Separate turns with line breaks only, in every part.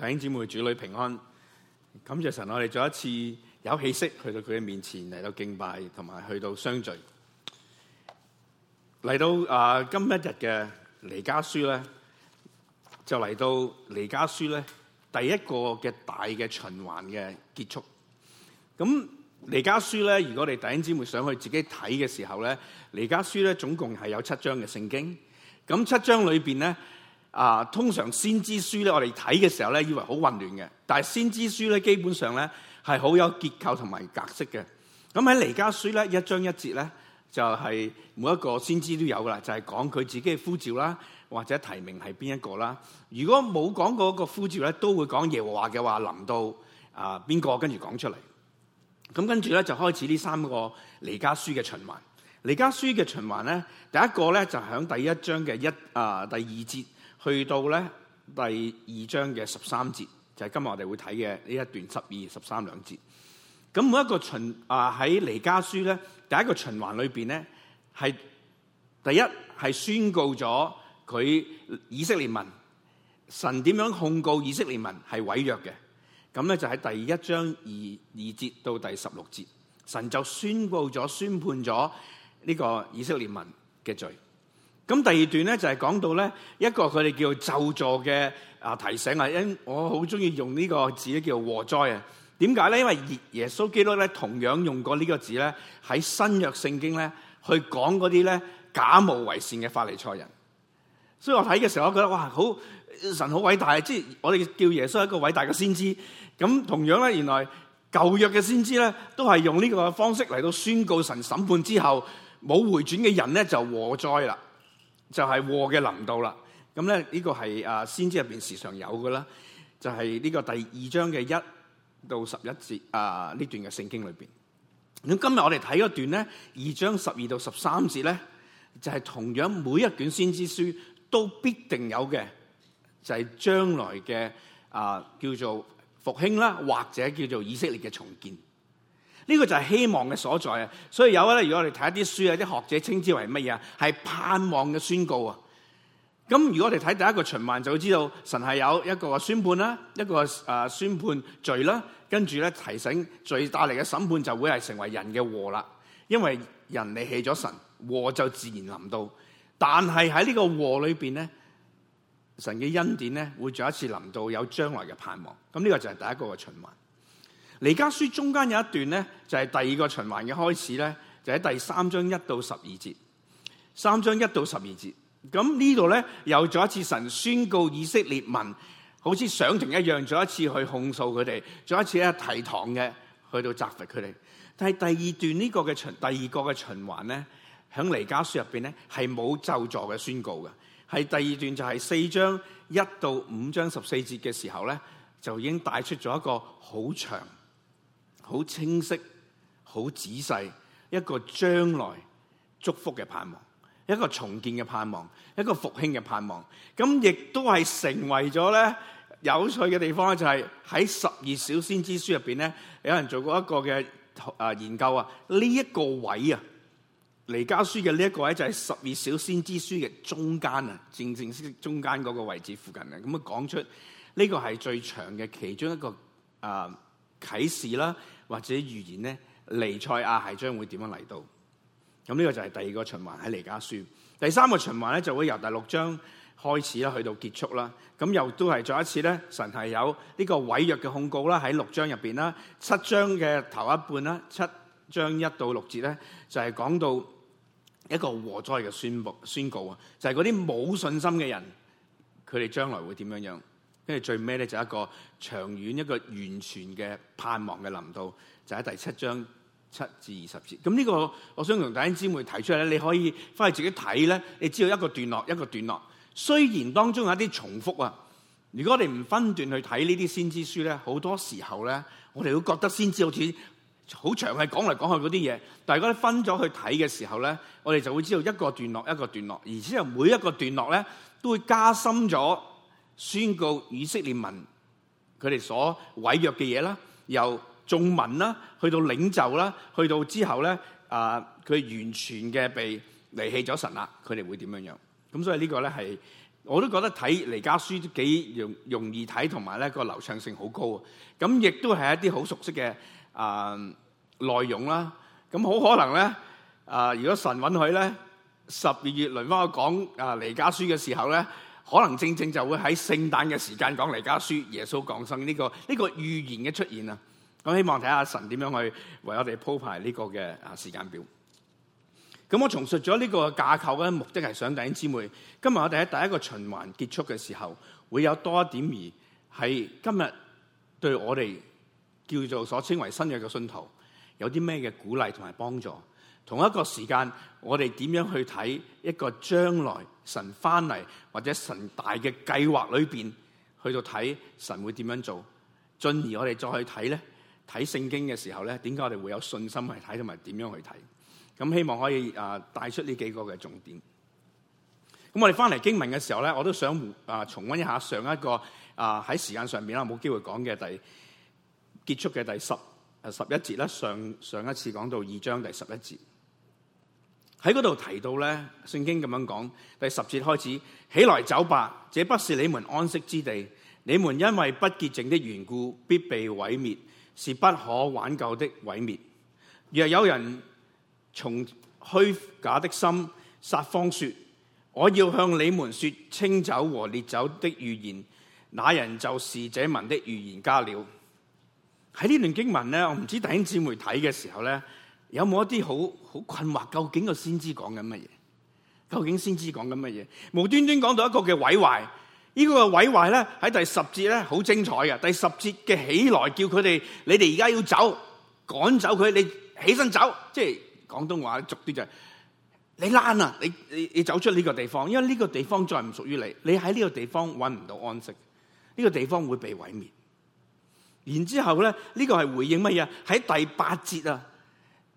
弟兄姊妹、主女平安，感謝神，我哋再一次有氣息去到佢嘅面前嚟到敬拜，同埋去到相聚。嚟到啊、呃，今一日嘅彌迦書咧，就嚟到彌迦書咧，第一個嘅大嘅循環嘅結束。咁彌迦書咧，如果你弟兄姊妹想去自己睇嘅時候咧，彌迦書咧總共係有七章嘅聖經。咁七章裏邊咧。啊，通常先知書咧，我哋睇嘅時候咧，以為好混亂嘅。但係先知書咧，基本上咧係好有結構同埋格式嘅。咁喺彌迦書咧，一章一節咧就係、是、每一個先知都有噶啦，就係、是、講佢自己嘅呼召啦，或者提名係邊一個啦。如果冇講嗰個呼召咧，都會講耶和華嘅話臨到啊邊、呃、個跟住講出嚟。咁跟住咧就開始呢三個彌迦書嘅循環。彌迦書嘅循環咧，第一個咧就喺第一章嘅一啊、呃、第二節。去到咧第二章嘅十三節，就係、是、今日我哋會睇嘅呢一段十二、十三兩節。咁每一個循啊，喺彌迦書咧，第一個循環裏邊咧，係第一係宣告咗佢以色列民，神點樣控告以色列民係違約嘅。咁咧就喺第一章二二節到第十六節，神就宣告咗、宣判咗呢個以色列民嘅罪。咁第二段咧就係講到咧一個佢哋叫做咒助嘅啊提醒啊，因我好中意用呢個字咧叫做禍災啊。點解咧？因為耶耶穌基督咧同樣用過呢個字咧喺新約聖經咧去講嗰啲咧假冒為善嘅法利賽人。所以我睇嘅時候，我覺得哇，好神好偉大，即係我哋叫耶穌係一個偉大嘅先知。咁同樣咧，原來舊約嘅先知咧都係用呢個方式嚟到宣告神審判之後冇回轉嘅人咧就禍災啦。就係禍嘅臨到啦，咁咧呢個係啊先知入邊時常有嘅啦，就係呢個第二章嘅一到十一節啊呢段嘅聖經裏邊。咁今日我哋睇一段咧，二章十二到十三節咧，就係同樣每一卷先知書都必定有嘅，就係將來嘅啊叫做復興啦，或者叫做以色列嘅重建。呢個就係希望嘅所在啊！所以有咧，如果我哋睇一啲書啊，啲學者稱之為乜嘢啊？係盼望嘅宣告啊！咁如果我哋睇第一個循環，就會知道神係有一個宣判啦，一個誒、呃、宣判罪啦，跟住咧提醒罪帶嚟嘅審判就會係成為人嘅禍啦，因為人離棄咗神，禍就自然臨到。但係喺呢個禍裏邊咧，神嘅恩典咧會再一次臨到，有將來嘅盼望。咁呢個就係第一個嘅循環。彌迦書中間有一段咧，就係、是、第二個循環嘅開始咧，就喺第三章一到十二節。三章一到十二節，咁呢度咧又做一次神宣告以色列民，好似上庭一樣，做一次去控訴佢哋，做一次喺提堂嘅去到責罰佢哋。但係第二段呢個嘅循第二個嘅循環咧，喺彌迦書入邊咧係冇咒詛嘅宣告嘅，係第二段就係四章一到五章十四節嘅時候咧，就已經帶出咗一個好長。好清晰、好仔細，一個將來祝福嘅盼望，一個重建嘅盼望，一個復興嘅盼望。咁亦都係成為咗咧有趣嘅地方咧，就係喺十二小先知書入邊咧，有人做過一個嘅啊研究啊。呢、這、一個位啊，彌迦書嘅呢一個位就係十二小先知書嘅中間啊，正正式式中間嗰個位置附近啊。咁啊講出呢、這個係最長嘅其中一個啊啟示啦。或者預言咧，彌賽亞係將會點樣嚟到？咁呢個就係第二個循環喺彌迦書。第三個循環咧，就會由第六章開始啦，去到結束啦。咁又都係再一次咧，神係有呢個毀約嘅控告啦，喺六章入邊啦，七章嘅頭一半啦，七章一到六節咧，就係、是、講到一個禍災嘅宣佈宣告啊，就係嗰啲冇信心嘅人，佢哋將來會點樣樣？跟住最尾咧就係一個長遠一個完全嘅盼望嘅臨到，就喺、是、第七章七至二十節。咁、這、呢個我想同弟兄姊妹提出咧，你可以翻去自己睇咧，你知道一個段落一個段落。雖然當中有一啲重複啊，如果我哋唔分段去睇呢啲先知書咧，好多時候咧，我哋會覺得先知好似好長係講嚟講去嗰啲嘢。但係，如果你分咗去睇嘅時候咧，我哋就會知道一個段落一個段落，而且每一個段落咧都會加深咗。宣告以色列民佢哋所毀約嘅嘢啦，由眾民啦，去到領袖啦，去到之後咧，啊、呃，佢完全嘅被離棄咗神啦，佢哋會點樣樣？咁所以呢個咧係我都覺得睇彌迦書幾容容易睇，同埋咧個流暢性好高。啊。咁亦都係一啲好熟悉嘅啊內容啦。咁好可能咧，啊、呃，如果神允許咧，十二月輪翻我講啊彌迦書嘅時候咧。可能正正就會喺聖誕嘅時間講彌迦書耶穌降生呢、這個呢、這個預言嘅出現啊，咁希望睇下神點樣去為我哋鋪排呢個嘅啊時間表。咁我重述咗呢個架構咧，目的係想弟兄姊妹，今日我哋喺第一個循環結束嘅時候，會有多一點而係今日對我哋叫做所稱為新約嘅信徒，有啲咩嘅鼓勵同埋幫助。同一個時間，我哋點樣去睇一個將來神翻嚟或者神大嘅計劃裏邊去到睇神會點樣做，進而我哋再去睇咧睇聖經嘅時候咧，點解我哋會有信心去睇同埋點樣去睇？咁希望可以啊帶出呢幾個嘅重點。咁我哋翻嚟經文嘅時候咧，我都想啊重溫一下上一個啊喺時間上面啦冇機會講嘅第結束嘅第十啊十一節啦，上上一次講到二章第十一節。喺嗰度提到咧，聖經咁樣講，第十節開始，起來走吧，這不是你們安息之地。你們因為不潔淨的緣故，必被毀滅，是不可挽救的毀滅。若有人從虛假的心撒謊説，我要向你們説清酒和烈酒的預言，那人就是這文的預言家了。喺呢段經文呢，我唔知道弟兄姊妹睇嘅時候呢。有冇一啲好好困惑？究竟個先知講緊乜嘢？究竟先知講緊乜嘢？無端端講到一個嘅毀壞，這個、毀壞，呢個毀壞咧，喺第十節咧，好精彩嘅。第十節嘅起來叫佢哋，你哋而家要走，趕走佢，你起身走，即係廣東話俗啲就係你躝啊！你了你你走出呢個地方，因為呢個地方再唔屬於你，你喺呢個地方揾唔到安息，呢、這個地方會被毀滅。然之後咧，呢、這個係回應乜嘢？喺第八節啊！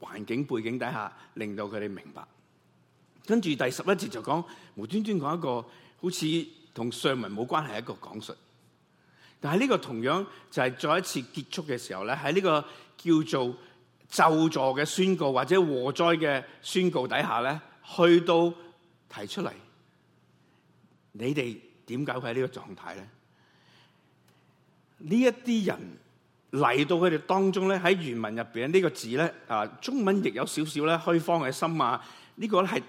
環境背景底下，令到佢哋明白。跟住第十一節就講，無端端講一個好似同上文冇關係一個講述。但係呢個同樣就係、是、再一次結束嘅時候咧，喺呢個叫做救助嘅宣告或者禍災嘅宣告底下咧，去到提出嚟，你哋點解會喺呢個狀態咧？呢一啲人。嚟到佢哋當中咧，喺原文入邊呢個字咧，啊中文亦有少少咧虛謊嘅心啊！呢、呢個咧係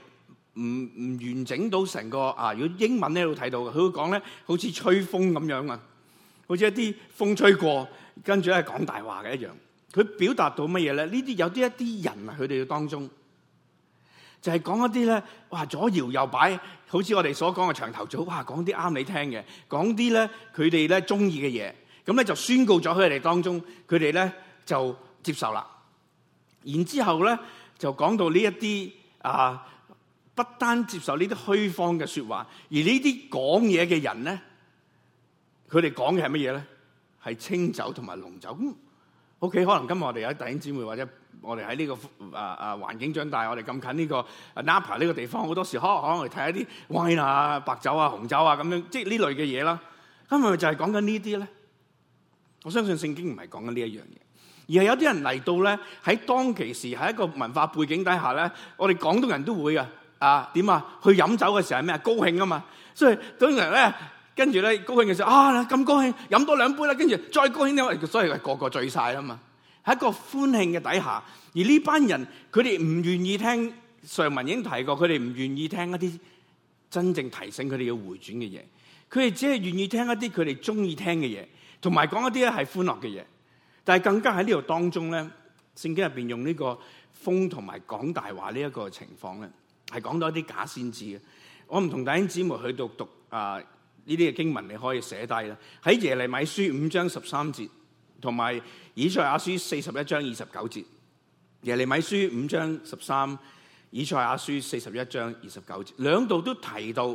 唔唔完整到成個啊！如果英文咧都睇到嘅，佢會講咧好似吹風咁樣啊，好似一啲風吹過，跟住咧講大話嘅一樣。佢表達到乜嘢咧？呢啲有啲一啲人啊，佢哋當中就係、是、講一啲咧，哇左搖右擺，好似我哋所講嘅牆頭草，哇講啲啱你聽嘅，講啲咧佢哋咧中意嘅嘢。咁咧就宣告咗佢哋當中，佢哋咧就接受啦。然之後咧就講到呢一啲啊，不單接受呢啲虛謊嘅說話，而呢啲講嘢嘅人咧，佢哋講嘅係乜嘢咧？係清酒同埋濃酒。OK，可能今日我哋有弟兄姊妹或者我哋喺呢個啊啊環境長大，我哋咁近呢、這個 Napa 呢個地方，好多時可能我哋睇一啲 wine 啊、白酒啊、紅酒啊咁樣，即係呢類嘅嘢啦。今日咪就係講緊呢啲咧。我相信聖經唔係講緊呢一樣嘢，而係有啲人嚟到咧，喺當其時，喺一個文化背景底下咧，我哋廣東人都會啊啊點啊？去飲酒嘅時候係咩啊？高興啊嘛，所以啲人咧跟住咧高興嘅時候啊咁高興飲多兩杯啦，跟住再高興啲，所以個個醉晒啦嘛。喺一個歡慶嘅底下，而呢班人佢哋唔願意聽上文已經提過，佢哋唔願意聽一啲真正提醒佢哋要回轉嘅嘢，佢哋只係願意聽一啲佢哋中意聽嘅嘢。同埋講一啲咧係歡樂嘅嘢，但係更加喺呢度當中咧，聖經入邊用呢個風同埋講大話呢一個情況咧，係講一啲假先知嘅。我唔同弟兄姊妹去到讀啊呢啲嘅經文，你可以寫低啦。喺耶利米書五章十三節，同埋以賽亞書四十一章二十九節，耶利米書五章十三，以賽亞書四十一章二十九節，兩度都提到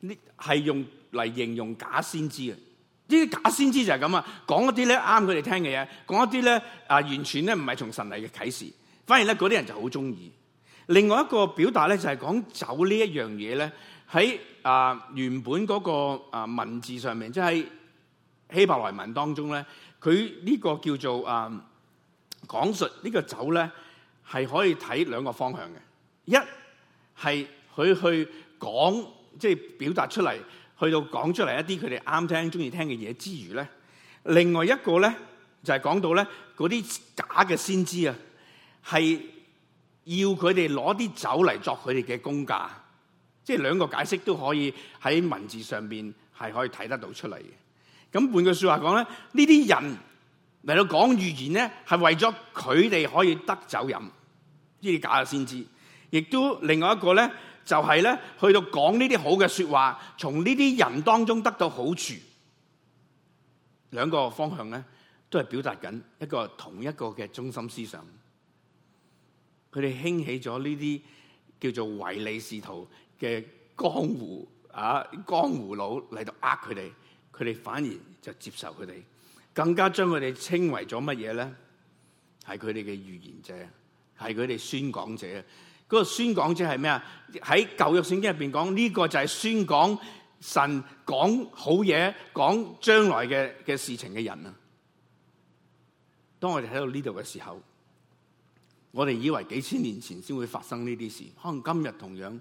呢係用嚟形容假先知嘅。啲假先知就係咁啊！講一啲咧啱佢哋聽嘅嘢，講一啲咧啊，完全咧唔係從神嚟嘅啟示，反而咧嗰啲人就好中意。另外一個表達咧就係講酒呢一樣嘢咧，喺啊原本嗰個啊文字上面，即係希伯來文當中咧，佢呢個叫做啊講述呢個酒咧，係可以睇兩個方向嘅。一係佢去講，即係表達出嚟。去到講出嚟一啲佢哋啱聽中意聽嘅嘢之餘咧，另外一個咧就係講到咧嗰啲假嘅先知啊，係要佢哋攞啲酒嚟作佢哋嘅工價，即係兩個解釋都可以喺文字上面係可以睇得到出嚟嘅。咁換句説話講咧，呢啲人嚟到講預言咧，係為咗佢哋可以得酒飲，呢啲假嘅先知，亦都另外一個咧。就係咧，去到講呢啲好嘅説話，從呢啲人當中得到好處，兩個方向咧都係表達緊一個同一個嘅中心思想。佢哋興起咗呢啲叫做唯利是圖嘅江湖啊，江湖佬嚟到呃佢哋，佢哋反而就接受佢哋，更加將佢哋稱為咗乜嘢咧？係佢哋嘅預言者，係佢哋宣講者。嗰個宣講者係咩啊？喺舊約聖經入邊講，呢個就係宣講神講好嘢、講將來嘅嘅事情嘅人啊！當我哋喺度呢度嘅時候，我哋以為幾千年前先會發生呢啲事，可能今日同樣，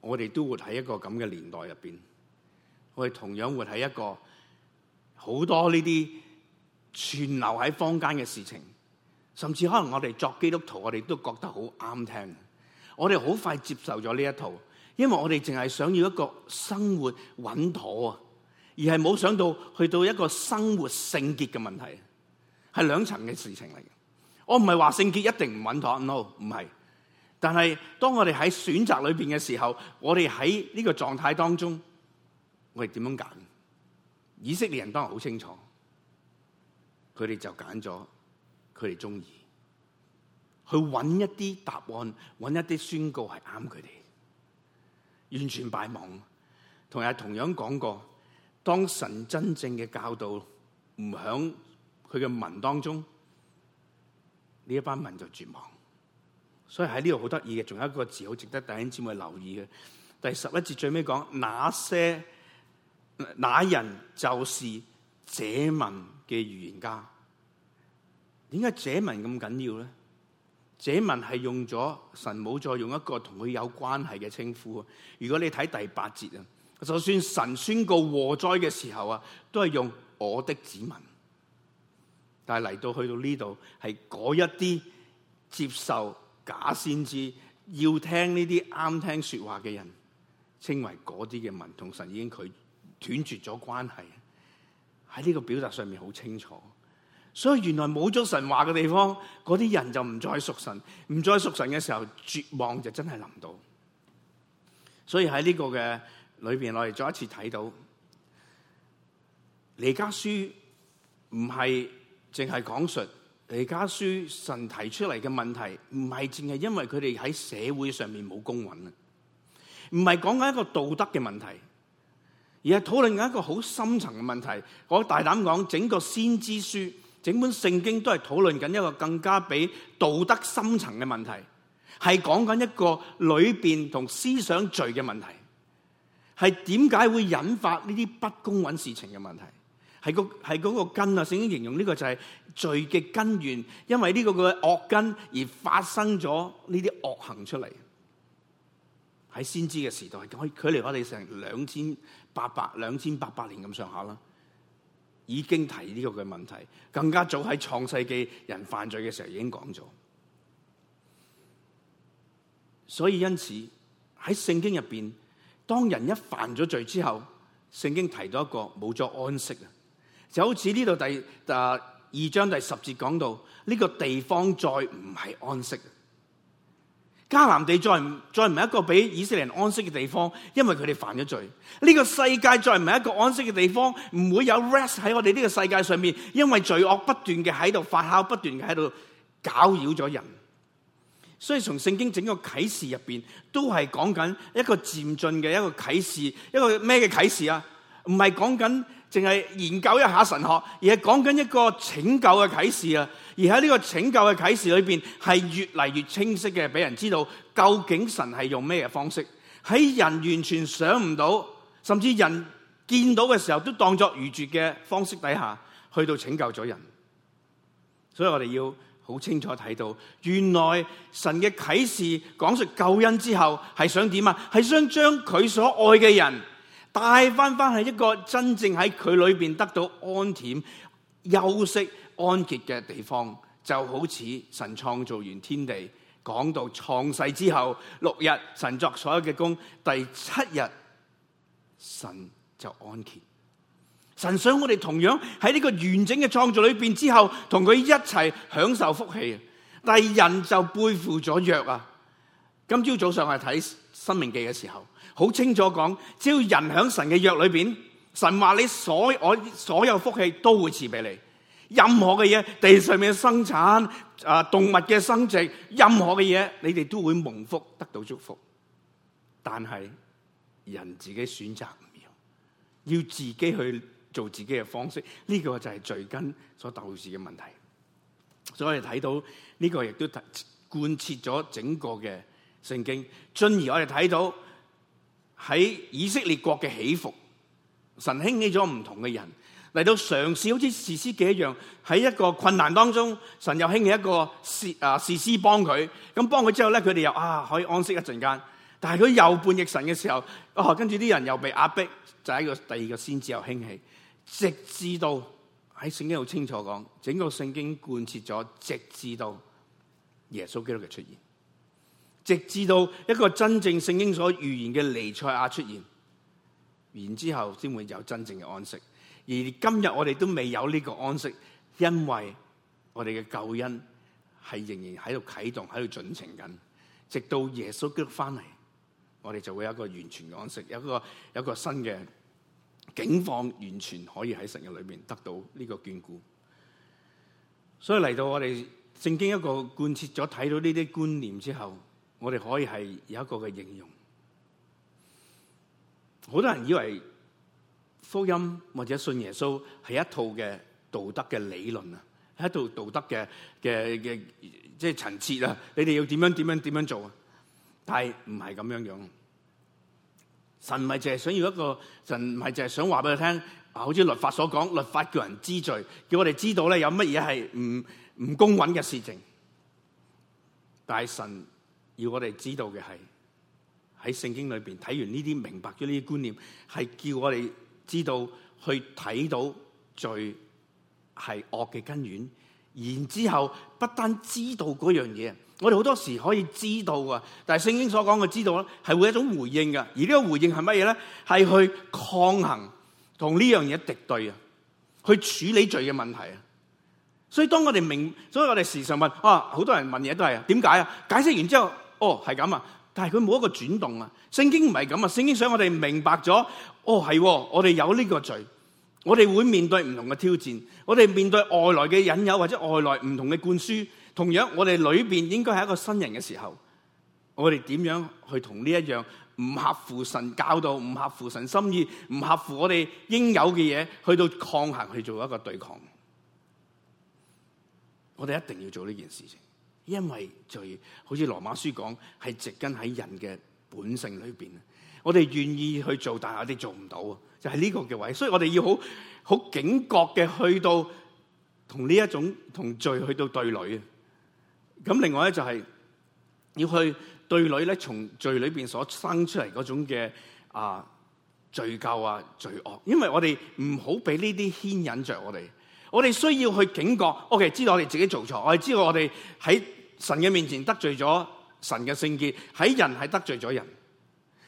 我哋都活喺一個咁嘅年代入邊，我哋同樣活喺一個好多呢啲存留喺坊間嘅事情，甚至可能我哋作基督徒，我哋都覺得好啱聽。我哋好快接受咗呢一套，因為我哋淨係想要一個生活穩妥啊，而係冇想到去到一個生活聖潔嘅問題，係兩層嘅事情嚟嘅。我唔係話聖潔一定唔穩妥，no，唔係。但係當我哋喺選擇裏邊嘅時候，我哋喺呢個狀態當中，我哋點樣揀？以色列人當然好清楚，佢哋就揀咗佢哋中意。去搵一啲答案，搵一啲宣告係啱佢哋。完全敗亡，同日同樣講過，當神真正嘅教導唔響佢嘅民當中，呢一班民就絕望。所以喺呢度好得意嘅，仲有一個字好值得弟兄姊妹留意嘅。第十一節最尾講，哪些那人就是這民嘅預言家。點解這民咁緊要咧？這民是用咗神冇再用一個同佢有關係嘅稱呼。如果你睇第八節，就算神宣告禍災嘅時候都是用我的子民。但是嚟到去到呢度，係嗰一啲接受假先知、要聽呢啲啱聽說話嘅人，稱為嗰啲嘅民，同神已經佢斷絕咗關係。喺呢個表達上面好清楚。所以原來冇咗神話嘅地方，嗰啲人就唔再屬神，唔再屬神嘅時候，絕望就真係臨到。所以喺呢個嘅裏邊，我哋再一次睇到《彌迦書》，唔係淨係講述《彌迦書》，神提出嚟嘅問題，唔係淨係因為佢哋喺社會上面冇公允啊，唔係講緊一個道德嘅問題，而係討論緊一個好深層嘅問題。我大膽講，整個先知書。整本聖經都係討論緊一個更加比道德深層嘅問題，係講緊一個裏邊同思想罪嘅問題，係點解會引發呢啲不公允事情嘅問題係、嗰個，係個係嗰個根啊！聖經形容呢個就係罪嘅根源，因為呢個嘅惡根而發生咗呢啲惡行出嚟。喺先知嘅時代，佢距離我哋成兩千八百、兩千八百年咁上下啦。已經提呢個嘅問題，更加早喺創世紀人犯罪嘅時候已經講咗。所以因此喺聖經入邊，當人一犯咗罪之後，聖經提到一個冇咗安息啊，就好似呢度第二章第十節講到，呢、呢個地方再唔係安息。迦南地再唔再唔係一個俾以色列人安息嘅地方，因為佢哋犯咗罪。呢個世界再唔係一個安息嘅地方，唔會有 rest 喺我哋呢個世界上面，因為罪惡不斷嘅喺度發酵，不斷嘅喺度攪擾咗人。所以從聖經整個啟示入邊，都係講緊一個漸進嘅一個啟示，一個咩嘅啟示啊？唔係講緊。淨係研究一下神學，而係講緊一個拯救嘅啟示啊！而喺呢個拯救嘅啟示裏邊，係越嚟越清晰嘅，俾人知道究竟神係用咩嘅方式，喺人完全想唔到，甚至人見到嘅時候都當作愚拙嘅方式底下，去到拯救咗人。所以我哋要好清楚睇到，原來神嘅啟示講述救恩之後，係想點啊？係想將佢所愛嘅人。帶翻翻係一個真正喺佢裏邊得到安恬、休息、安歇嘅地方，就好似神創造完天地，講到創世之後六日神作所有嘅工，第七日神就安歇。神想我哋同樣喺呢個完整嘅創造裏邊之後，同佢一齊享受福氣。但係人就背負咗約啊！今朝早上我哋睇《生命記》嘅時候。好清楚講，只要人喺神嘅約裏邊，神話你所我所有福氣都會賜俾你。任何嘅嘢，地上面嘅生產，啊、呃、動物嘅生殖，任何嘅嘢，你哋都會蒙福得到祝福。但係人自己選擇唔要，要自己去做自己嘅方式。呢、這個就係罪根所導致嘅問題。所以我哋睇到呢、這個亦都貫徹咗整個嘅聖經。進而我哋睇到。喺以色列國嘅起伏，神興起咗唔同嘅人嚟到嘗試，好似士師記一樣，喺一個困難當中，神又興起一個士啊士師幫佢。咁幫佢之後咧，佢哋又啊可以安息一陣間。但係佢又叛逆神嘅時候，哦，跟住啲人又被壓迫，就係一個第二個先至又興起，直至到喺聖經好清楚講，整個聖經貫徹咗，直至到耶穌基督嘅出現。直至到一個真正聖經所預言嘅尼賽亞出現，然之後先會有真正嘅安息。而今日我哋都未有呢個安息，因為我哋嘅救恩係仍然喺度啟動，喺度進行緊。直到耶穌基督翻嚟，我哋就會有一個完全嘅安息，有一個有一個新嘅景況，完全可以喺神嘅裏面得到呢個眷顧。所以嚟到我哋聖經一個貫徹咗睇到呢啲觀念之後，我哋可以係有一個嘅應用。好多人以為福音或者信耶穌是一套嘅道德嘅理論啊，係一套道德嘅嘅嘅層次啊，你哋要點樣點樣點樣做？但係唔係咁樣樣。神唔係淨係想要一個，神唔係淨係想話俾你聽，好似律法所講，律法叫人知罪，叫我哋知道咧有乜嘢係唔唔公允嘅事情，但係神。要我哋知道嘅係喺聖經裏邊睇完呢啲明白咗呢啲觀念，係叫我哋知道去睇到罪係惡嘅根源。然之後不單知道嗰樣嘢，我哋好多時可以知道啊，但係聖經所講嘅知道咧，係會有一種回應噶。而呢個回應係乜嘢咧？係去抗衡同呢樣嘢敵對啊，去處理罪嘅問題啊。所以當我哋明，所以我哋時常問啊，好多人問嘢都係啊點解啊？解釋完之後。哦，係咁啊！但係佢冇一個轉動啊！聖經唔係咁啊！聖經想我哋明白咗，哦係，我哋有呢個罪，我哋會面對唔同嘅挑戰，我哋面對外來嘅引誘或者外來唔同嘅灌輸，同樣我哋裏邊應該係一個新人嘅時候，我哋點樣去同呢一樣唔合乎神教導、唔合乎神心意、唔合乎我哋應有嘅嘢，去到抗衡去做一個對抗。我哋一定要做呢件事情。因為罪，好似羅馬書講，係植根喺人嘅本性裏邊。我哋願意去做，但係我哋做唔到，就係、是、呢個嘅位。所以我哋要好好警覺嘅去到同呢一種同罪去到對壘。咁另外咧就係、是、要去對壘咧，從罪裏邊所生出嚟嗰種嘅，啊罪疚、啊罪惡，因為我哋唔好俾呢啲牽引着我哋。我哋需要去警覺，OK，知道我哋自己做錯，我哋知道我哋喺。神嘅面前得罪咗神嘅聖潔，喺人係得罪咗人。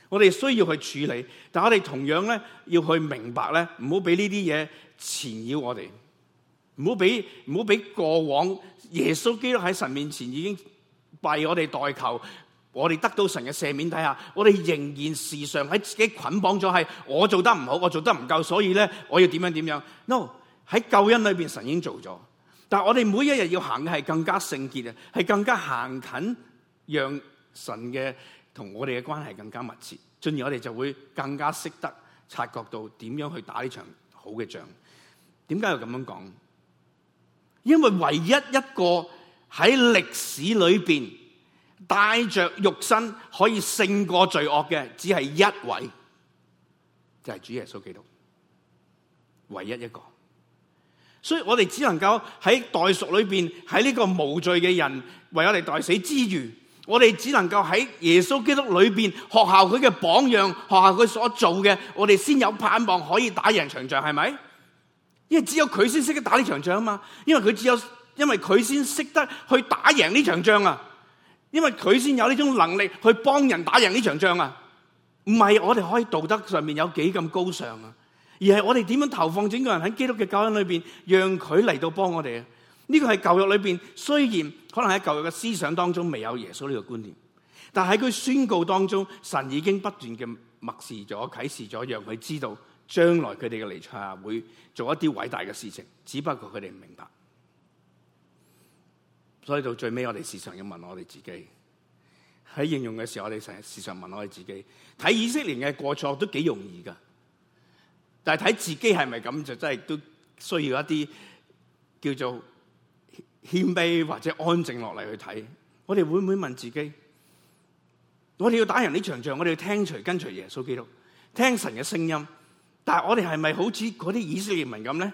我哋需要去處理，但我哋同樣咧要去明白咧，唔好俾呢啲嘢纏繞我哋，唔好俾唔好俾過往耶穌基督喺神面前已經拜我哋代求，我哋得到神嘅赦免。底下我哋仍然時常喺自己捆綁咗，係我做得唔好，我做得唔夠，所以咧我要點樣點樣。no 喺救恩裏邊，神已經做咗。但係我哋每一日要行嘅係更加聖潔啊，係更加行近，讓神嘅同我哋嘅關係更加密切，進而我哋就會更加識得察覺到點樣去打呢場好嘅仗。點解要咁樣講？因為唯一一個喺歷史裏邊帶着肉身可以勝過罪惡嘅，只係一位，就係主耶穌基督，唯一一個。所以我哋只能夠喺代贖裏面，喺呢個無罪嘅人為我哋代死之餘，我哋只能夠喺耶穌基督裏面，學效佢嘅榜樣，學效佢所做嘅，我哋先有盼望可以打贏場仗，係咪？因為只有佢先識得打呢場仗嘛，因為佢只有因為佢先識得去打贏呢場仗啊，因為佢先有呢種能力去幫人打贏呢場仗啊，唔係我哋可以道德上面有幾咁高尚啊？而係我哋點樣投放整個人喺基督嘅救恩裏邊，讓佢嚟到幫我哋啊！呢、這個係舊約裏邊，雖然可能喺舊約嘅思想當中未有耶穌呢個觀念，但係喺佢宣告當中，神已經不斷嘅默示咗、啟示咗，讓佢知道將來佢哋嘅彌賽亞會做一啲偉大嘅事情，只不過佢哋唔明白。所以到最尾，我哋時常要問我哋自己喺應用嘅時候，我哋成日時常問我哋自己睇以色列嘅過錯都幾容易噶。但係睇自己係咪咁，就真係都需要一啲叫做謙卑或者安靜落嚟去睇。我哋會唔會問自己？我哋要打贏呢場仗，我哋要聽隨跟隨耶穌基督，聽神嘅聲音。但係我哋係咪好似嗰啲以色列民咁咧？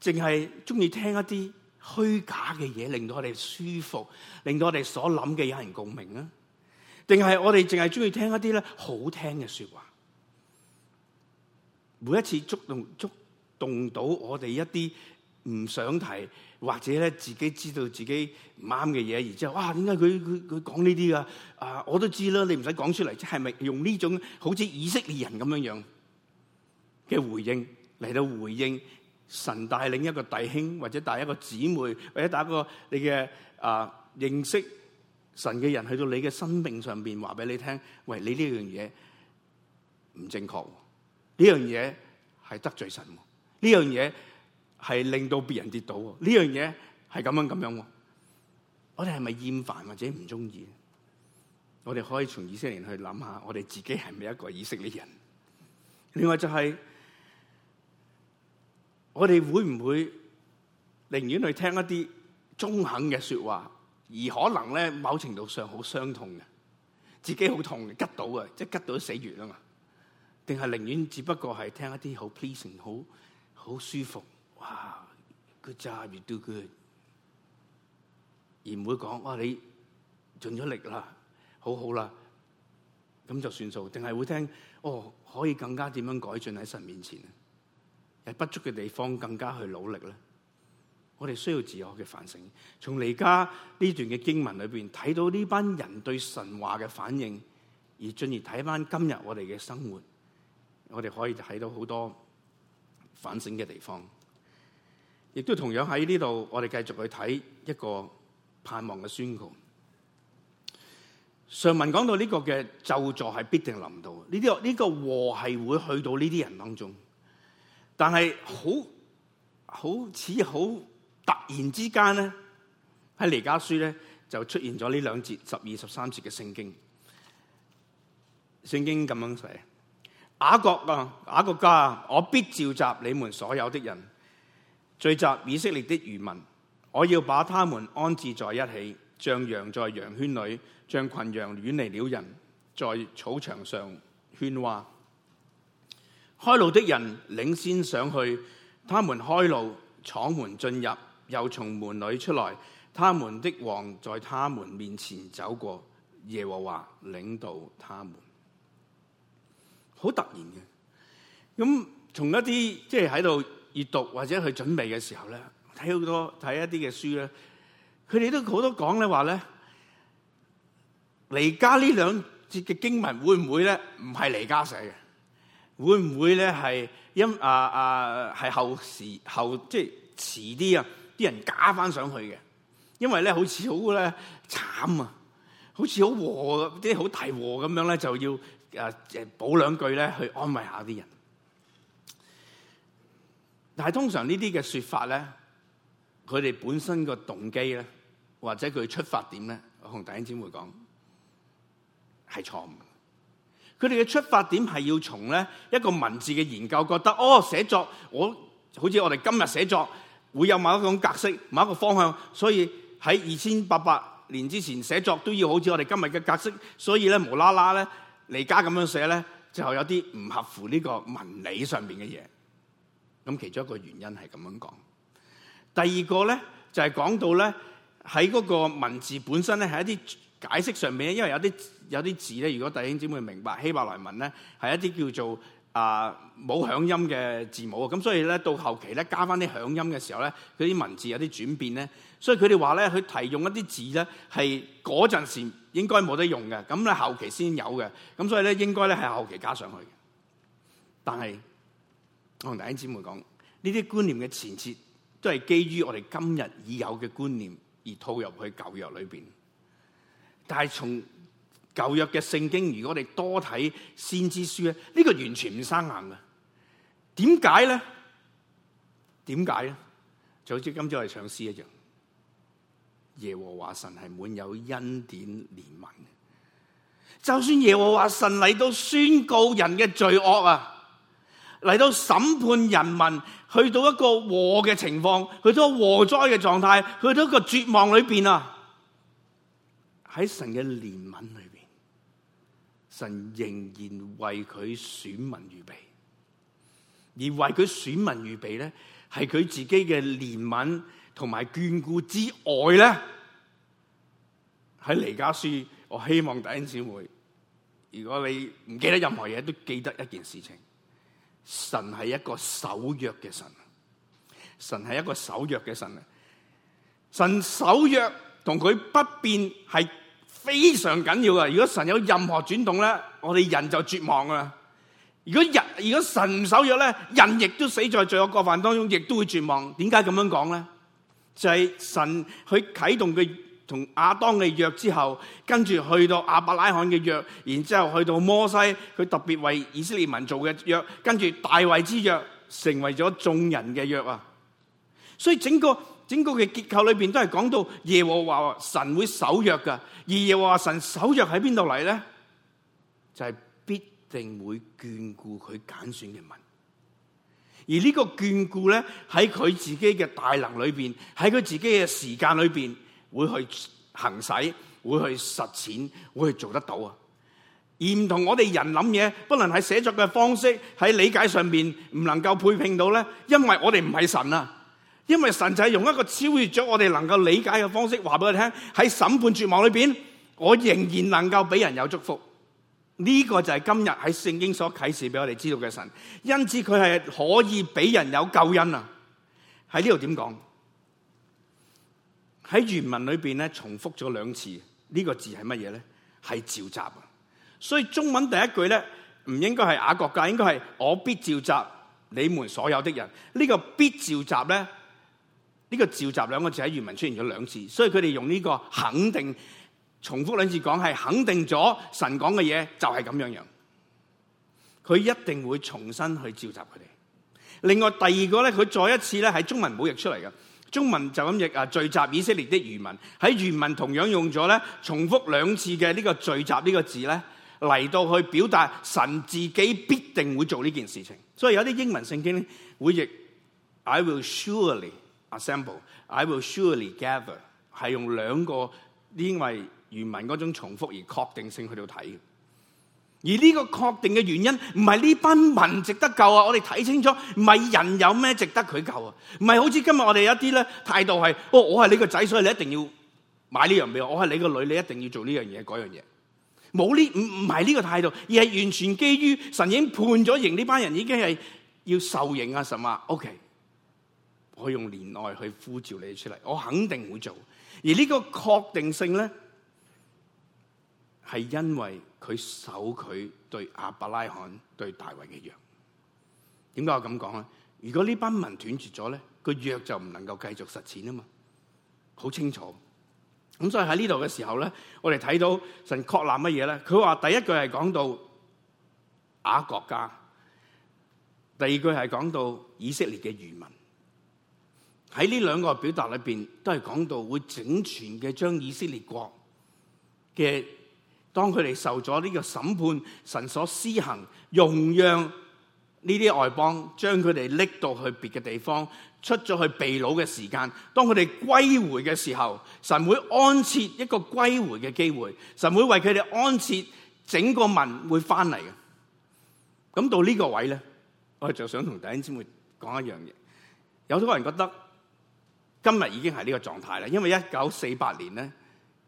淨係中意聽一啲虛假嘅嘢，令到我哋舒服，令到我哋所諗嘅有人共鳴啊？定係我哋淨係中意聽一啲咧好聽嘅說話？每一次觸動觸動到我哋一啲唔想提，或者咧自己知道自己唔啱嘅嘢，然之後啊，點解佢佢佢講呢啲啊？啊，我都知啦，你唔使講出嚟，即係咪用呢種好似以色列人咁樣樣嘅回應嚟到回應神帶領一個弟兄，或者帶一個姊妹，或者帶一個你嘅啊認識神嘅人去到你嘅生命上邊話俾你聽，喂，你呢樣嘢唔正確。呢樣嘢係得罪神喎，呢樣嘢係令到別人跌倒喎，呢樣嘢係咁樣咁樣喎。我哋係咪厭煩或者唔中意？我哋可以從以色列人去諗下，我哋自己係咪一個以色列人？另外就係，我哋會唔會寧願去聽一啲中肯嘅說話，而可能咧某程度上好傷痛嘅，自己好痛，拮到啊，即係拮到死絕啊嘛。定係寧願只不過係聽一啲好 pleasing、好好舒服，哇！Good job，you do good，而唔會講哇、哦！你盡咗力啦，好好啦，咁就算數。定係會聽哦，可以更加點樣改進喺神面前？喺不足嘅地方更加去努力咧。我哋需要自我嘅反省。從而家呢段嘅經文裏面睇到呢班人對神話嘅反應，而進而睇翻今日我哋嘅生活。我哋可以睇到好多反省嘅地方，亦都同樣喺呢度，我哋繼續去睇一個盼望嘅宣告。上文講到呢個嘅咒詛係必定臨到，呢啲呢個禍係會去到呢啲人當中，但是很，但係好好似好突然之間咧，喺彌迦書咧就出現咗呢兩節十二十三節嘅聖經，聖經咁樣寫。雅各啊，雅各家，我必召集你們所有的人，聚集以色列的餘民，我要把他們安置在一起，像羊在羊圈裏，像群羊遠離了人，在草場上喧嘩。開路的人領先上去，他們開路闖門進入，又從門裏出來，他們的王在他們面前走過，耶和華領導他們。好突然嘅，咁從一啲即係喺度閱讀或者去準備嘅時候咧，睇好多睇一啲嘅書咧，佢哋都好多講咧話咧，彌迦呢兩節嘅經文會唔會咧唔係彌迦寫嘅？會唔會咧係因啊啊係後時後即係、就是、遲啲啊啲人加翻上去嘅？因為咧好似好咧慘啊，好似好禍即係好大禍咁樣咧就要。誒誒，補兩句咧，去安慰一下啲人。但係通常呢啲嘅説法咧，佢哋本身個動機咧，或者佢出發點咧，我同弟兄姊妹講係錯誤。佢哋嘅出發點係要從咧一個文字嘅研究，覺得哦寫作我好似我哋今日寫作會有某一種格式、某一個方向，所以喺二千八百年之前寫作都要好似我哋今日嘅格式，所以咧無啦啦咧。而家咁樣寫咧，就有啲唔合乎呢個文理上面嘅嘢。咁其中一個原因係咁樣講。第二個咧就係、是、講到咧喺嗰個文字本身咧係一啲解釋上面，因為有啲有啲字咧，如果弟兄姊妹明白希伯來文咧，係一啲叫做啊冇響音嘅字母。咁所以咧到後期咧加翻啲響音嘅時候咧，佢啲文字有啲轉變咧。所以佢哋話咧，佢提用一啲字咧係嗰陣時。應該冇得用嘅，咁咧後期先有嘅，咁所以咧應該咧係後期加上去嘅。但係我同弟兄姊妹講，呢啲觀念嘅前設都係基於我哋今日已有嘅觀念而套入去舊約裏邊。但係從舊約嘅聖經，如果我哋多睇先知書咧，呢、這個完全唔生硬嘅。點解咧？點解咧？就好似今朝我哋唱詩一樣。耶和華神係滿有恩典憐憫嘅，就算耶和華神嚟到宣告人嘅罪惡啊，嚟到審判人民，去到一個禍嘅情況，去到一個禍災嘅狀態，去到一個絕望裏邊啊，喺神嘅憐憫裏邊，神仍然為佢選民預備，而為佢選民預備咧，係佢自己嘅憐憫。同埋眷顧之外咧，喺彌迦書，我希望弟兄姊妹，如果你唔記得任何嘢，都記得一件事情：神係一個守約嘅神，神係一個守約嘅神。神守約同佢不變係非常緊要噶。如果神有任何轉動咧，我哋人就絕望噶啦。如果人如果神唔守約咧，人亦都死在罪惡過犯當中，亦都會絕望。點解咁樣講咧？就係神佢啟動佢同亞當嘅約之後，跟住去到亞伯拉罕嘅約，然之後去到摩西佢特別為以色列民做嘅約，跟住大衛之約成為咗眾人嘅約啊！所以整個整個嘅結構裏邊都係講到耶和華神會守約噶，而耶和華神守約喺邊度嚟咧？就係、是、必定會眷顧佢揀選嘅民。而呢個眷顧咧，喺佢自己嘅大能裏邊，喺佢自己嘅時間裏邊，會去行使，會去實踐，會去做得到啊！而唔同我哋人諗嘢，不能喺寫作嘅方式，喺理解上面唔能夠配拼到咧，因為我哋唔係神啊，因為神就係用一個超越咗我哋能夠理解嘅方式話俾佢聽：喺審判絕望裏邊，我仍然能夠俾人有祝福。呢個就係今日喺聖經所啟示俾我哋知道嘅神，因此佢係可以俾人有救恩啊！喺呢度點講？喺原文裏邊咧重複咗兩次，呢個字係乜嘢咧？係召集啊！所以中文第一句咧唔應該係雅各嘅，應該係我必召集你們所有的人。呢個必召集咧呢個召集兩個字喺原文出現咗兩次，所以佢哋用呢個肯定。重複兩次講係肯定咗神講嘅嘢就係咁樣樣，佢一定會重新去召集佢哋。另外第二個咧，佢再一次咧係中文冇譯出嚟嘅，中文就咁譯啊，聚集以色列的餘民，喺餘民同樣用咗咧，重複兩次嘅呢個聚集呢個字咧，嚟到去表達神自己必定會做呢件事情。所以有啲英文聖經咧會譯 I will surely assemble, I will surely gather 係用兩個因為。餘民嗰種重複而確定性去到睇，而呢個確定嘅原因唔係呢班民值得救啊！我哋睇清楚，唔係人有咩值得佢救啊？唔係好似今日我哋有一啲咧態度係，哦，我係你個仔，所以你一定要買呢樣嘢，我係你個女，你一定要做呢樣嘢、嗰樣嘢。冇呢，唔唔係呢個態度，而係完全基於神已經判咗刑，呢班人已經係要受刑啊！神話，OK，我用憐愛去呼召你出嚟，我肯定會做。而呢個確定性咧。係因為佢守佢對亞伯拉罕對大衛嘅約，點解我咁講咧？如果呢班民斷絕咗咧，個約就唔能夠繼續實踐啊嘛，好清楚。咁所以喺呢度嘅時候咧，我哋睇到神確立乜嘢咧？佢話，第一句係講到雅各家，第二句係講到以色列嘅餘民。喺呢兩個表達裏邊，都係講到會整全嘅將以色列國嘅。當佢哋受咗呢個審判，神所施行容讓呢啲外邦將佢哋拎到去別嘅地方，出咗去被擄嘅時間，當佢哋歸回嘅時候，神會安設一個歸回嘅機會，神會為佢哋安設整個民會翻嚟嘅。咁到呢個位咧，我就想同弟兄姊妹講一樣嘢。有好多人覺得今日已經係呢個狀態啦，因為一九四八年咧，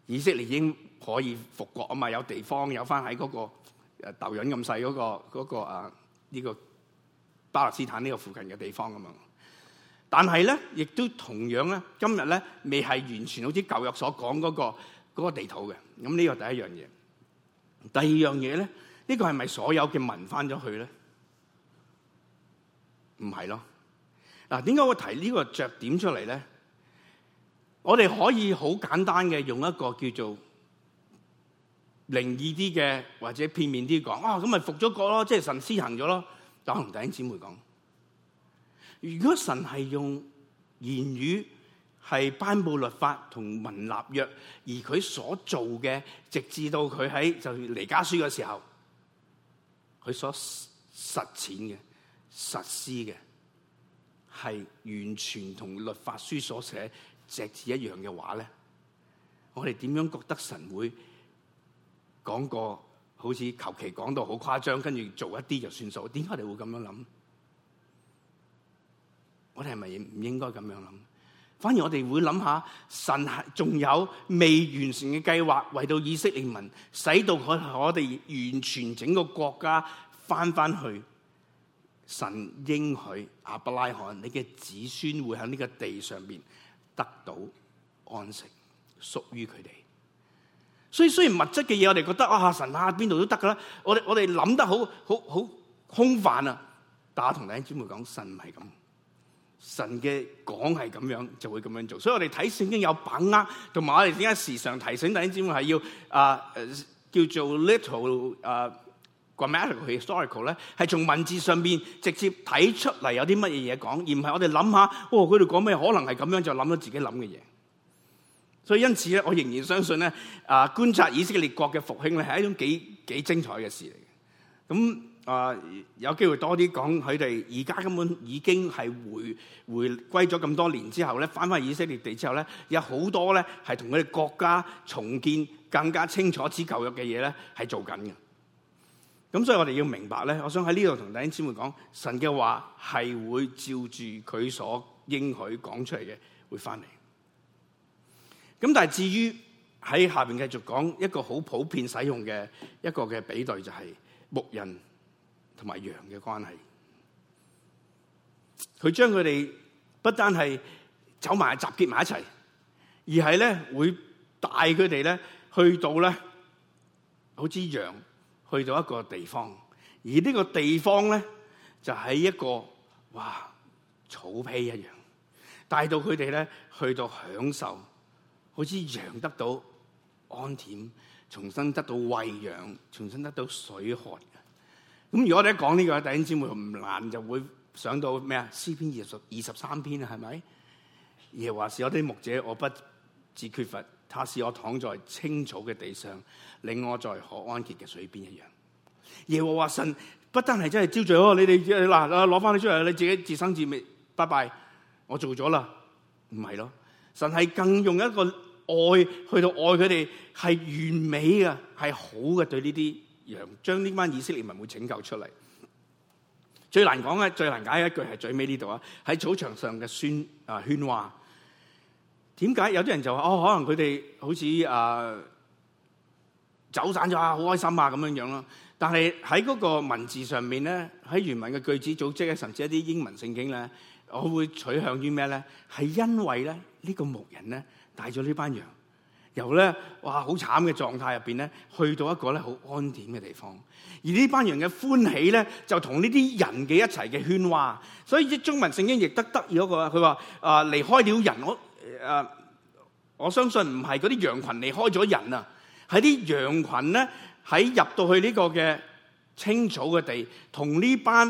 以色列已經。可以復國啊！嘛，有地方有翻喺嗰個誒豆韌咁細嗰個、那個、啊呢、這個巴勒斯坦呢個附近嘅地方咁嘛。但係咧，亦都同樣咧，今日咧未係完全好似舊約所講嗰、那個那個地圖嘅。咁呢個第一樣嘢，第二樣嘢咧，呢、這個係咪所有嘅民翻咗去咧？唔係咯。嗱、啊，點解我提呢個着點出嚟咧？我哋可以好簡單嘅用一個叫做。靈異啲嘅，或者片面啲講，啊，咁咪復咗國咯，即係神施行咗咯。但係同弟兄姊妹講，如果神係用言語係頒布律法同文立約，而佢所做嘅，直至到佢喺就嚟家書嘅時候，佢所實踐嘅、實施嘅，係完全同律法書所寫隻字一樣嘅話咧，我哋點樣覺得神會？講過好似求其講到好誇張，跟住做一啲就算數。點解我哋會咁樣諗？我哋係咪唔應該咁樣諗？反而我哋會諗下神仲有未完成嘅計劃，為到以色列民，使到我我哋完全整個國家返返去。神應許亞伯拉罕，你嘅子孫會喺呢個地上邊得到安息，屬於佢哋。所以雖然物質嘅嘢，我哋覺得啊神啊邊度都得噶啦，我哋我哋諗得好好好空泛啊！但我同弟兄姊妹講，神唔係咁，神嘅講係咁樣就會咁樣做。所以我哋睇聖經有把握，同埋我哋點解時常提醒弟兄姊妹係要啊、uh, 叫做 little 啊、uh, grammatical historical 咧，係從文字上邊直接睇出嚟有啲乜嘢嘢講，而唔係我哋諗下哦佢哋講咩可能係咁樣就諗到自己諗嘅嘢。所以因此咧，我仍然相信咧，啊，觀察以色列國嘅復興咧，係一種幾幾精彩嘅事嚟嘅。咁啊，有機會多啲講佢哋而家根本已經係回回歸咗咁多年之後咧，翻翻以色列地之後咧，有好多咧係同佢哋國家重建更加清楚指舊約嘅嘢咧，係做緊嘅。咁所以我哋要明白咧，我想喺呢度同弟兄姊妹講神嘅話，係會照住佢所應許講出嚟嘅，會翻嚟。咁但係至於喺下邊繼續講一個好普遍使用嘅一個嘅比對就係牧人同埋羊嘅關係，佢將佢哋不單係走埋集結埋一齊，而係咧會帶佢哋咧去到咧，好似羊去到一個地方，而呢個地方咧就係一個哇草皮一樣，帶到佢哋咧去到享受。好似羊得到安恬，重新得到餵養，重新得到水喝。咁如果你一講呢個，弟兄姊妹唔難就會想到咩啊？詩篇二十二十三篇啊，係咪？耶和華是我啲牧者，我不至缺乏。他是我躺在青草嘅地上，令我在可安歇嘅水邊一樣。耶和華神不單係真係招聚我，你哋嗱，攞翻你出嚟，你自己自生自滅。拜拜，我做咗啦，唔係咯。神係更用一個。愛去到愛佢哋係完美嘅，係好嘅。對呢啲羊，將呢班以色列民會拯救出嚟。最難講嘅，最難解嘅一句係最尾呢度啊！喺草場上嘅喧啊喧嘩。點解有啲人就話哦，可能佢哋好似啊、呃、走散咗啊，好開心啊咁樣樣咯。但係喺嗰個文字上面咧，喺原文嘅句子組織咧，甚至一啲英文聖經咧，我會取向於咩咧？係因為咧呢個牧人咧。帶咗呢班羊，由咧哇，好慘嘅狀態入邊咧，去到一個咧好安點嘅地方。而呢班羊嘅歡喜咧，就同呢啲人嘅一齊嘅喧嘩。所以《中文聖經》亦都得意嗰個，佢話啊，離開了人，我誒、呃，我相信唔係嗰啲羊群離開咗人啊，喺啲羊群咧喺入到去呢個嘅青草嘅地，同呢班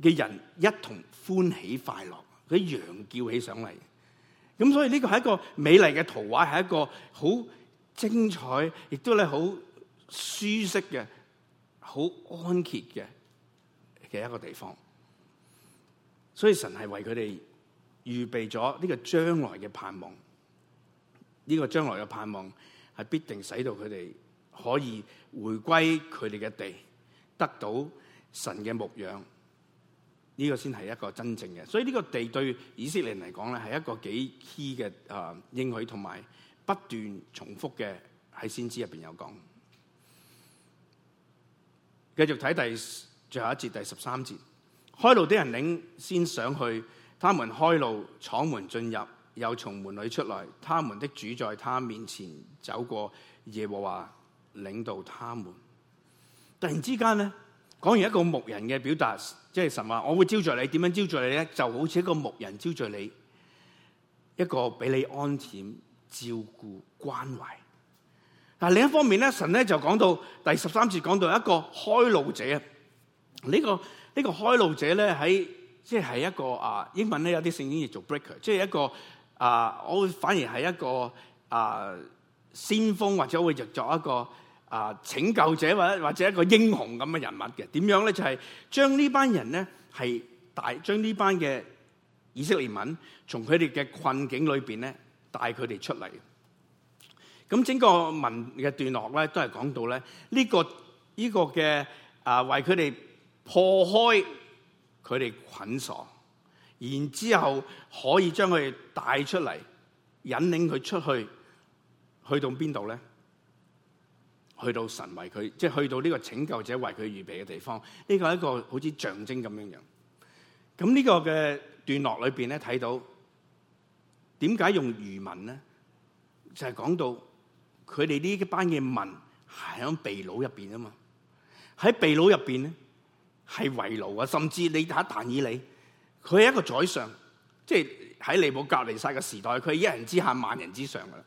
嘅人一同歡喜快樂，嗰啲羊叫起上嚟。咁所以呢個係一個美麗嘅圖畫，係一個好精彩，亦都咧好舒適嘅、好安恬嘅嘅一個地方。所以神係為佢哋預備咗呢個將來嘅盼望。呢、呢個將來嘅盼望係必定使到佢哋可以回歸佢哋嘅地，得到神嘅牧養。呢個先係一個真正嘅，所以呢個地對以色列人嚟講咧，係一個幾 key 嘅啊應許，同埋不斷重複嘅，喺先知入邊有講。繼續睇第最後一節第十三節，開路的人領先上去，他們開路闖門進入，又從門裏出來，他們的主在他面前走過，耶和華領導他們。突然之間呢。講完一個牧人嘅表達，即係神話，我會招聚你，點樣招聚你咧？就好似一個牧人招聚你，一個俾你安全照顧關懷。但另一方面咧，神咧就講到第十三節講到一個開路者，呢個呢個開路者咧喺即係一個啊英文咧有啲聖經譯做 breaker，即係一個啊我反而係一個啊先鋒或者會譯作一個。啊！拯救者，或者或者一個英雄咁嘅人物嘅，點樣咧？就係、是、將呢班人咧係帶將呢班嘅以色列民從佢哋嘅困境裏邊咧帶佢哋出嚟。咁整個文嘅段落咧都係講到咧呢、呢個呢、呢個嘅啊為佢哋破開佢哋捆鎖，然之後可以將佢哋帶出嚟，引領佢出去去到邊度咧？去到神為佢，即係去到呢個拯救者為佢預備嘅地方，呢個係一個好似象徵咁樣樣。咁呢個嘅段落裏邊咧，睇到點解用漁民咧，就係、是、講到佢哋呢班嘅民喺被擄入邊啊嘛，喺被擄入邊咧係為奴啊，甚至你睇但以理，佢係一個宰相，即係喺尼布甲尼撒嘅時代，佢係一人之下萬人之上㗎喇。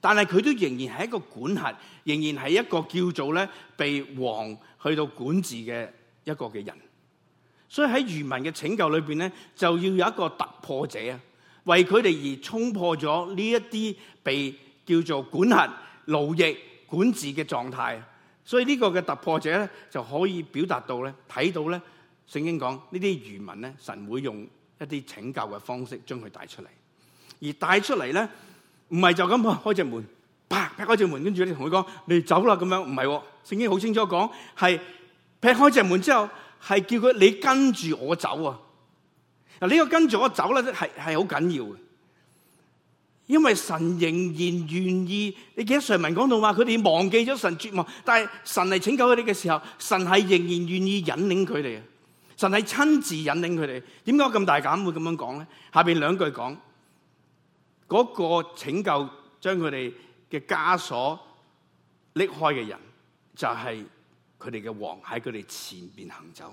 但係佢都仍然係一個管轄，仍然係一個叫做咧被王去到管治嘅一個嘅人。所以喺餘民嘅拯救裏邊咧，就要有一個突破者啊，為佢哋而沖破咗呢一啲被叫做管轄、奴役、管治嘅狀態。所以呢個嘅突破者咧，就可以表達到咧，睇到咧聖經講呢啲餘民咧，神會用一啲拯救嘅方式將佢帶出嚟，而帶出嚟咧。唔係就咁開隻門，啪劈開隻門，跟住你同佢講，你走啦咁樣，唔係，聖經好清楚講，係劈開隻門之後，係叫佢你跟住我走啊！嗱，呢個跟住我走咧，係係好緊要嘅，因為神仍然願意，你記得上文講到話，佢哋忘記咗神絕望，但係神嚟拯救佢哋嘅時候，神係仍然願意引領佢哋啊！神係親自引領佢哋。點解我咁大膽會咁樣講咧？下邊兩句講。嗰個拯救將佢哋嘅枷鎖裂開嘅人，就係佢哋嘅王喺佢哋前面行走，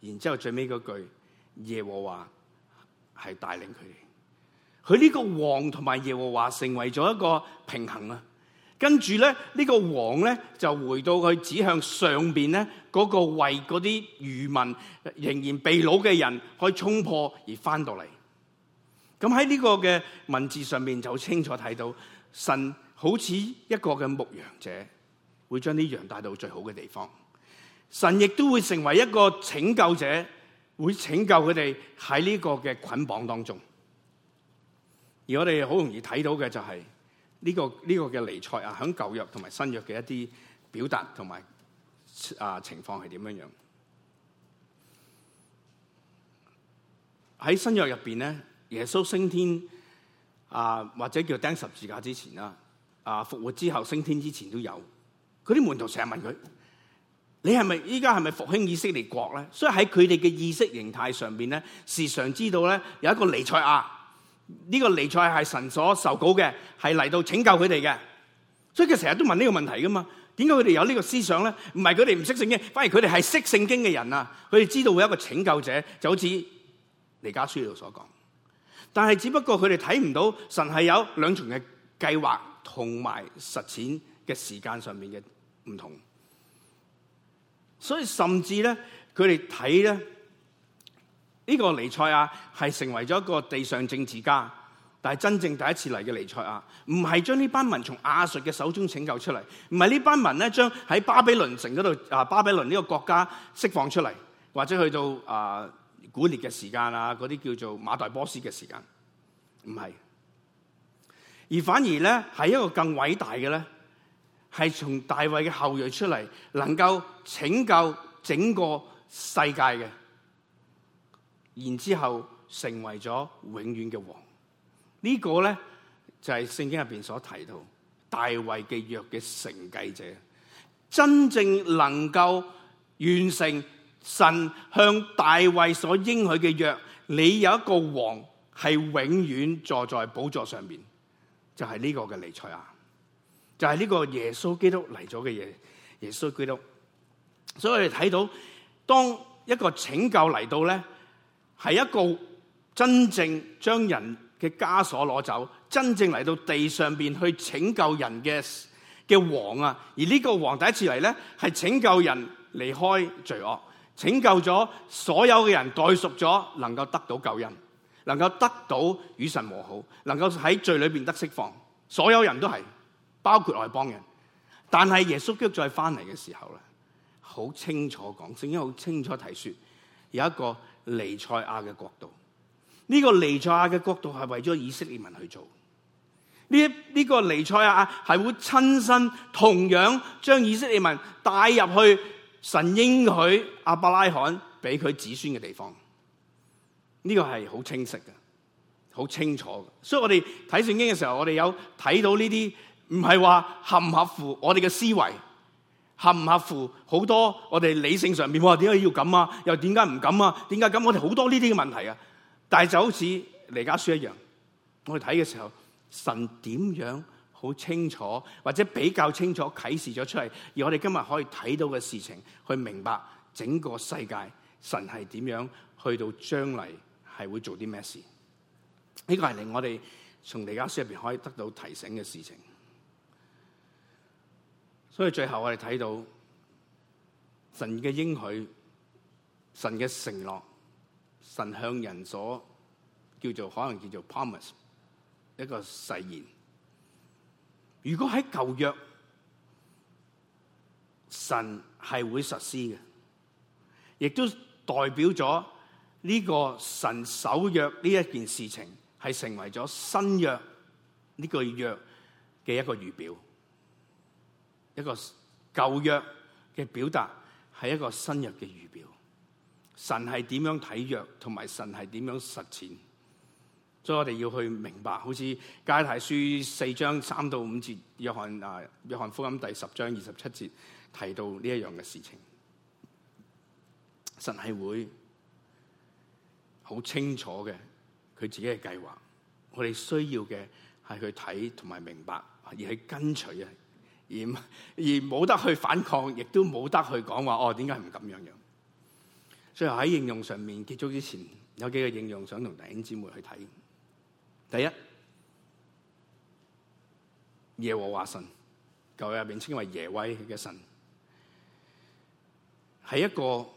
然之後最尾嗰句耶和華係帶領佢哋，佢呢個王同埋耶和華成為咗一個平衡啦。跟住咧，呢個王咧就回到佢指向上邊咧嗰個為嗰啲餘民仍然被老嘅人去衝破而翻到嚟。咁喺呢個嘅文字上面就清楚睇到，神好似一個嘅牧羊者，會將啲羊帶到最好嘅地方。神亦都會成為一個拯救者，會拯救佢哋喺呢個嘅捆綁當中。而我哋好容易睇到嘅就係呢個呢個嘅彌賽亞，響舊約同埋新約嘅一啲表達同埋啊情況係點樣樣？喺新約入邊咧。耶穌升天啊，或者叫釘十字架之前啦，啊復活之後升天之前都有，佢啲門徒成日問佢，你係咪依家係咪復興以色列國咧？所以喺佢哋嘅意識形態上邊咧，時常知道咧有一個彌賽亞，呢、呢個彌賽亞係神所受膏嘅，係嚟到拯救佢哋嘅，所以佢成日都問呢個問題噶嘛？點解佢哋有呢個思想咧？唔係佢哋唔識聖經，反而佢哋係識聖經嘅人啊！佢哋知道會有一個拯救者，就好似彌迦書度所講。但係，只不過佢哋睇唔到神係有兩重嘅計劃同埋實踐嘅時間上面嘅唔同，所以甚至咧，佢哋睇咧呢、這個彌賽亞係成為咗一個地上政治家，但係真正第一次嚟嘅彌賽亞，唔係將呢班民從亞述嘅手中拯救出嚟，唔係呢班民咧將喺巴比倫城嗰度啊巴比倫呢個國家釋放出嚟，或者去到啊。呃古列嘅時間啊，嗰啲叫做馬代波斯嘅時間，唔係，而反而咧係一個更偉大嘅咧，係從大衛嘅後裔出嚟，能夠拯救整個世界嘅，然之後成為咗永遠嘅王。呢個咧就係聖經入邊所提到大衛嘅約嘅承繼者，真正能夠完成。神向大衛所應許嘅約，你有一個王係永遠坐在寶座上面，就係、是、呢個嘅彌賽亞啊，就係、是、呢個耶穌基督嚟咗嘅耶耶穌基督。所以我哋睇到，當一個拯救嚟到咧，係一個真正將人嘅枷鎖攞走，真正嚟到地上邊去拯救人嘅嘅王啊。而呢個王第一次嚟咧，係拯救人離開罪惡，拯救咗所有嘅人，代贖咗，能夠得到救恩，能夠得到與神和好，能夠喺罪裏邊得釋放。所有人都係，包括外邦人。但係耶穌基督再翻嚟嘅時候咧，好清楚講，聖經好清楚提說有一個尼賽亞嘅國度。呢、這個尼賽亞嘅國度係為咗以色列民去做。呢一呢個尼賽亞係會親身同樣將以色列民帶入去。神應許亞伯拉罕俾佢子孫嘅地方，呢個係好清晰嘅，好清楚嘅。所以我哋睇聖經嘅時候，我哋有睇到呢啲唔係話合唔合乎我哋嘅思維，合唔合乎好多我哋理性上面，我話點解要咁啊？又點解唔咁啊？點解咁？我哋好多呢啲嘅問題啊！但係就好似彌迦書一樣，我哋睇嘅時候，神點樣？好清楚，或者比較清楚啟示咗出嚟，而我哋今日可以睇到嘅事情，去明白整個世界神係點樣去到將來係會做啲咩事？呢個係令我哋從彌迦書入邊可以得到提醒嘅事情。所以最後我哋睇到神嘅應許，神嘅承諾，神向人所叫做可能叫做 promise 一個誓言。如果喺舊約，神係會實施嘅，亦都代表咗呢個神守約呢一件事情係成為咗新約呢個約嘅一個預表，一個舊約嘅表達係一個新約嘅預表。神係點樣睇約，同埋神係點樣實踐。所以我哋要去明白，好似《加拉太書》四章三到五節，《約翰》啊，《約翰福音》第十章二十七節提到呢一樣嘅事情，神係會好清楚嘅佢自己嘅計劃。我哋需要嘅係去睇同埋明白，而去跟隨啊，而而冇得去反抗，亦都冇得去講話哦。點解唔咁樣樣？所以喺應用上面結束之前，有幾個應用想同弟兄姊妹去睇。第一，耶和華神，舊約入邊稱為耶威嘅神，係一個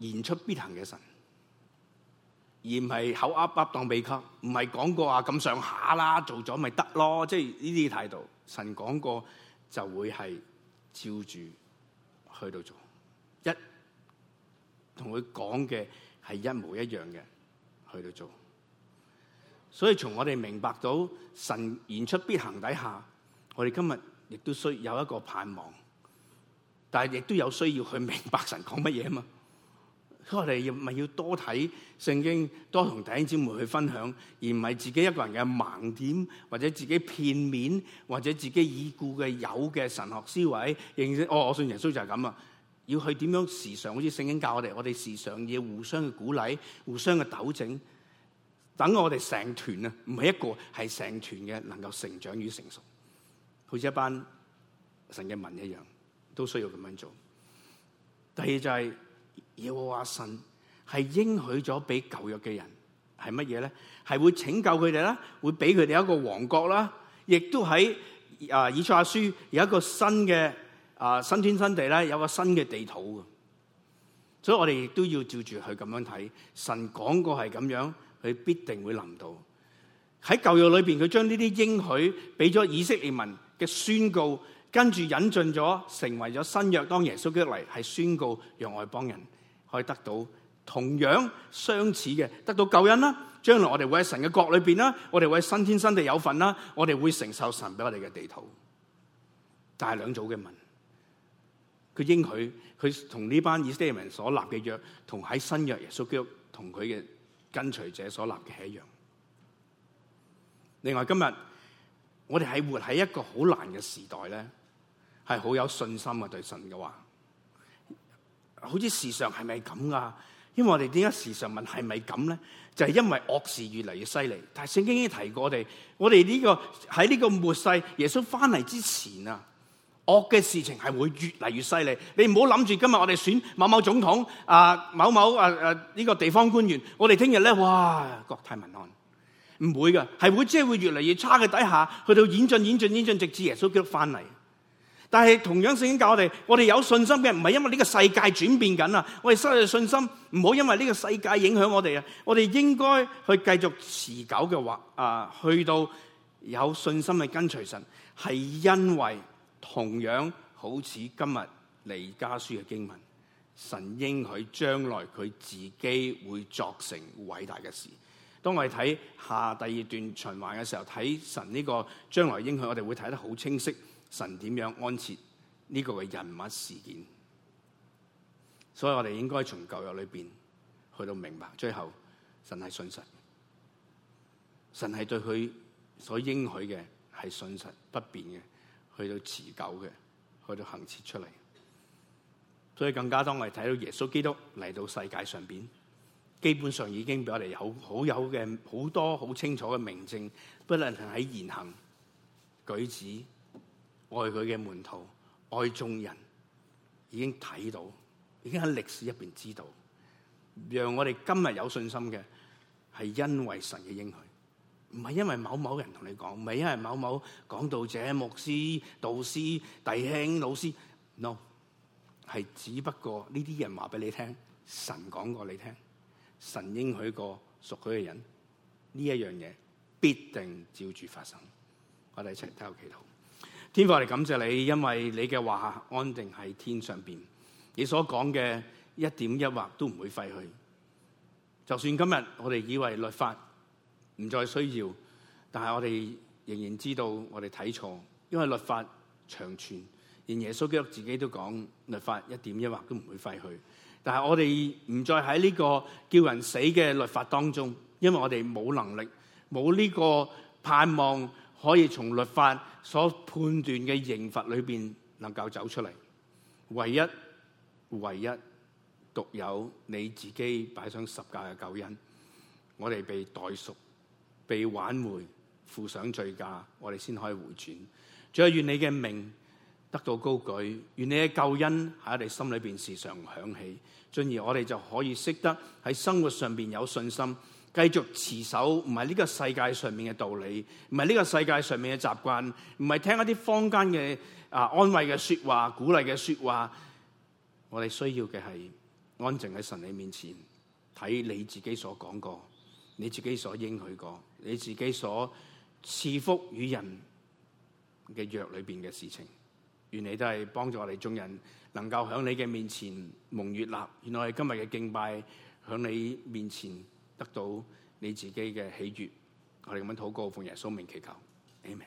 言出必行嘅神，而唔係口噏噏當秘笈，唔係講過啊咁上下啦，做咗咪得囉，即係呢啲態度。神講過就會係照住去到做，一同佢講嘅係一模一樣嘅去到做。所以從我哋明白到神言出必行底下，我哋今日亦都需要有一個盼望，但係亦都有需要去明白神講乜嘢啊嘛！所以我哋要咪要多睇聖經，多同弟兄姊妹去分享，而唔係自己一個人嘅盲點，或者自己片面，或者自己已故嘅有嘅神學思維，認識哦，我信耶穌就係咁啊！要去點樣時常好似聖經教我哋，我哋時常要互相嘅鼓勵，互相嘅糾正。等我哋成團啊，唔係一個係成團嘅，能夠成長與成熟，好似一班神嘅民一樣，都需要咁樣做。第二就係、是，如果阿神係應許咗俾舊約嘅人係乜嘢咧，係會拯救佢哋啦，會俾佢哋一個王國啦，亦都喺啊以賽亞書有一個新嘅啊新天新地啦，有個新嘅地土。所以我哋亦都要照住去咁樣睇，神講過係咁樣。佢必定會臨到喺舊約裏邊，佢將呢啲應許俾咗以色列民嘅宣告，跟住引進咗成為咗新約。當耶穌基督嚟，係宣告讓外邦人可以得到同樣相似嘅得到救恩啦。將來我哋會喺神嘅國裏邊啦，我哋會喺新天新地有份啦，我哋會承受神俾我哋嘅地土。但係兩組嘅民，佢應許佢同呢班以色列民所立嘅約，同喺新約耶穌基督同佢嘅。跟隨者所立嘅一樣。另外，今日我哋係活喺一個好難嘅時代咧，係好有信心呀對神嘅話，好似時常係咪咁噶？因為我哋點解時常問係咪咁咧？就係因為惡事越嚟越犀利。但係聖經已經提過我哋，我哋呢個喺呢個末世，耶穌翻嚟之前啊。惡嘅事情係會越嚟越犀利，你唔好諗住今日我哋選某某總統啊、呃，某某啊啊呢個地方官員，我哋聽日咧哇國泰民安，唔會噶，係會即係會越嚟越差嘅底下去到演進、演進、演進，直至耶穌基督翻嚟。但係同樣聖經教我哋，我哋有信心嘅唔係因為呢個世界轉變緊啊，我哋失去信心，唔好因為呢個世界影響我哋啊，我哋應該去繼續持久嘅話啊，去到有信心去跟隨神，係因為。同樣好似今日《彌迦書》嘅經文，神應許將來佢自己會作成偉大嘅事。當我哋睇下第二段循環嘅時候，睇神呢個將來應許，我哋會睇得好清晰，神點樣安設呢個嘅人物事件。所以我哋應該從舊約裏邊去到明白，最後神係信實，神係對佢所應許嘅係信實不變嘅。去到持久嘅，去到行徹出嚟，所以更加當我哋睇到耶穌基督嚟到世界上邊，基本上已經俾我哋好好有嘅好多好清楚嘅明證，不論係喺言行舉止、愛佢嘅門徒、愛眾人，已經睇到，已經喺歷史入邊知道，讓我哋今日有信心嘅係因為神嘅應許。唔係因為某某人同你講，唔係因為某某講道者、牧師、導師、弟兄、老師，no，係只不過呢啲人話俾你聽，神講過你聽，神應許過屬佢嘅人，呢一樣嘢必定照住發生。我哋一齊喺度祈禱，天父，我哋感謝你，因為你嘅話安定喺天上邊，你所講嘅一點一畫都唔會廢去。就算今日我哋以為律法。唔再需要，但係我哋仍然知道我哋睇錯，因為律法長存，連耶穌基督自己都講律法一點一劃都唔會廢去。但係我哋唔再喺呢個叫人死嘅律法當中，因為我哋冇能力，冇呢個盼望，可以從律法所判斷嘅刑罰裏邊能夠走出嚟。唯一、唯一、獨有你自己擺上十架嘅救恩，我哋被代贖。被挽回、付上罪價，我哋先可以回轉。仲有願你嘅名得到高舉，願你嘅救恩喺我哋心裏邊時常響起，進而我哋就可以識得喺生活上邊有信心，繼續持守唔係呢個世界上面嘅道理，唔係呢個世界上面嘅習慣，唔係聽一啲坊間嘅啊安慰嘅說話、鼓勵嘅說話。我哋需要嘅係安靜喺神嘅面前，睇你自己所講過，你自己所應許過你自己所賜福與人嘅約裏邊嘅事情，原嚟都係幫助我哋眾人能夠響你嘅面前蒙悅納，原來喺今日嘅敬拜響你面前得到你自己嘅喜悅。我哋咁樣禱告，奉耶穌名祈求，阿門。